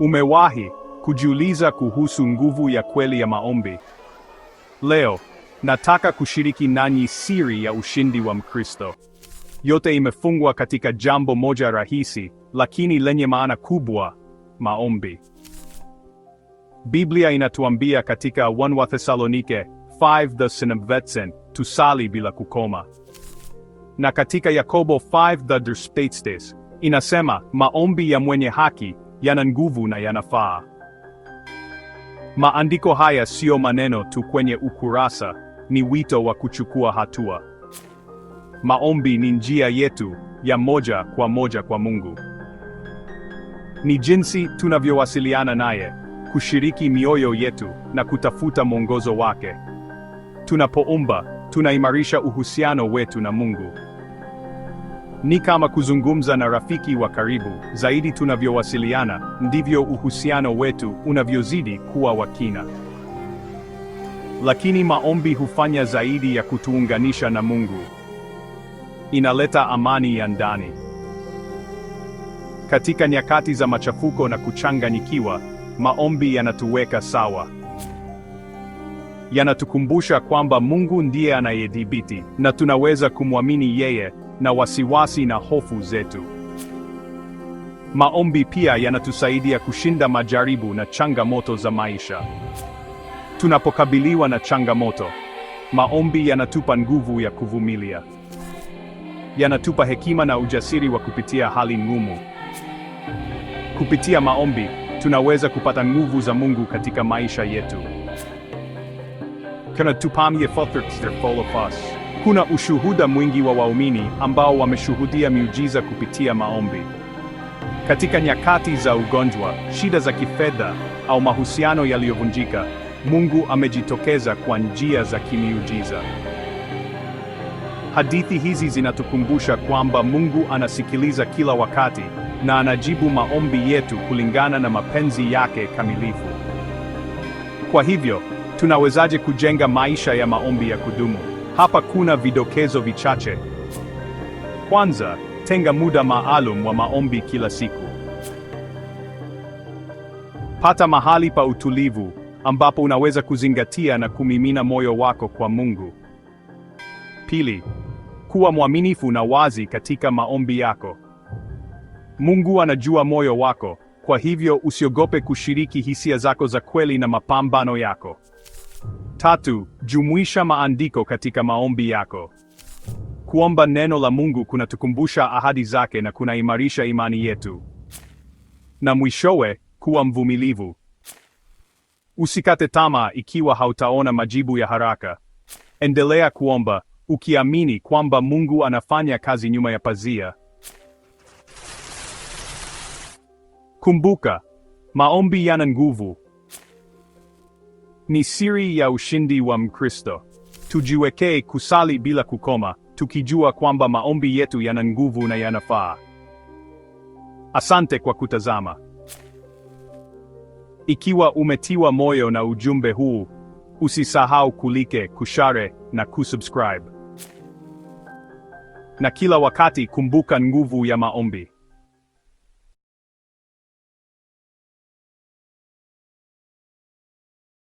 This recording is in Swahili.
Umewahi kujiuliza kuhusu nguvu ya kweli ya maombi? Leo nataka kushiriki nanyi siri ya ushindi wa Mkristo. Yote imefungwa katika jambo moja rahisi lakini lenye maana kubwa: maombi. Biblia inatuambia katika 1 Wathesalonike 5:17 tusali bila kukoma, na katika Yakobo 5:8 inasema maombi ya mwenye haki yana nguvu na yanafaa. Maandiko haya siyo maneno tu kwenye ukurasa, ni wito wa kuchukua hatua. Maombi ni njia yetu ya moja kwa moja kwa Mungu. Ni jinsi tunavyowasiliana naye, kushiriki mioyo yetu na kutafuta mwongozo wake. Tunapoomba, tunaimarisha uhusiano wetu na Mungu. Ni kama kuzungumza na rafiki wa karibu. Zaidi tunavyowasiliana, ndivyo uhusiano wetu unavyozidi kuwa wa kina. Lakini maombi hufanya zaidi ya kutuunganisha na Mungu. Inaleta amani ya ndani. Katika nyakati za machafuko na kuchanganyikiwa, maombi yanatuweka sawa yanatukumbusha kwamba Mungu ndiye anayedhibiti na tunaweza kumwamini yeye na wasiwasi na hofu zetu. Maombi pia yanatusaidia kushinda majaribu na changamoto za maisha. Tunapokabiliwa na changamoto, maombi yanatupa nguvu ya kuvumilia. Yanatupa hekima na ujasiri wa kupitia hali ngumu. Kupitia maombi, tunaweza kupata nguvu za Mungu katika maisha yetu of us. Kuna ushuhuda mwingi wa waumini ambao wameshuhudia miujiza kupitia maombi. Katika nyakati za ugonjwa, shida za kifedha au mahusiano yaliyovunjika, Mungu amejitokeza kwa njia za kimiujiza. Hadithi hizi zinatukumbusha kwamba Mungu anasikiliza kila wakati na anajibu maombi yetu kulingana na mapenzi yake kamilifu. Kwa hivyo, Tunawezaje kujenga maisha ya maombi ya kudumu? Hapa kuna vidokezo vichache. Kwanza, tenga muda maalum wa maombi kila siku. Pata mahali pa utulivu ambapo unaweza kuzingatia na kumimina moyo wako kwa Mungu. Pili, kuwa mwaminifu na wazi katika maombi yako. Mungu anajua moyo wako, kwa hivyo usiogope kushiriki hisia zako za kweli na mapambano yako. Tatu, jumuisha maandiko katika maombi yako. Kuomba neno la Mungu kunatukumbusha ahadi zake na kunaimarisha imani yetu. Na mwishowe, kuwa mvumilivu. Usikate tamaa ikiwa hautaona majibu ya haraka. Endelea kuomba ukiamini kwamba Mungu anafanya kazi nyuma ya pazia. Kumbuka, maombi yana nguvu. Ni siri ya ushindi wa Mkristo. Tujiwekee kusali bila kukoma, tukijua kwamba maombi yetu yana nguvu na yanafaa. Asante kwa kutazama. Ikiwa umetiwa moyo na ujumbe huu, usisahau kulike, kushare na kusubscribe. Na kila wakati kumbuka nguvu ya maombi.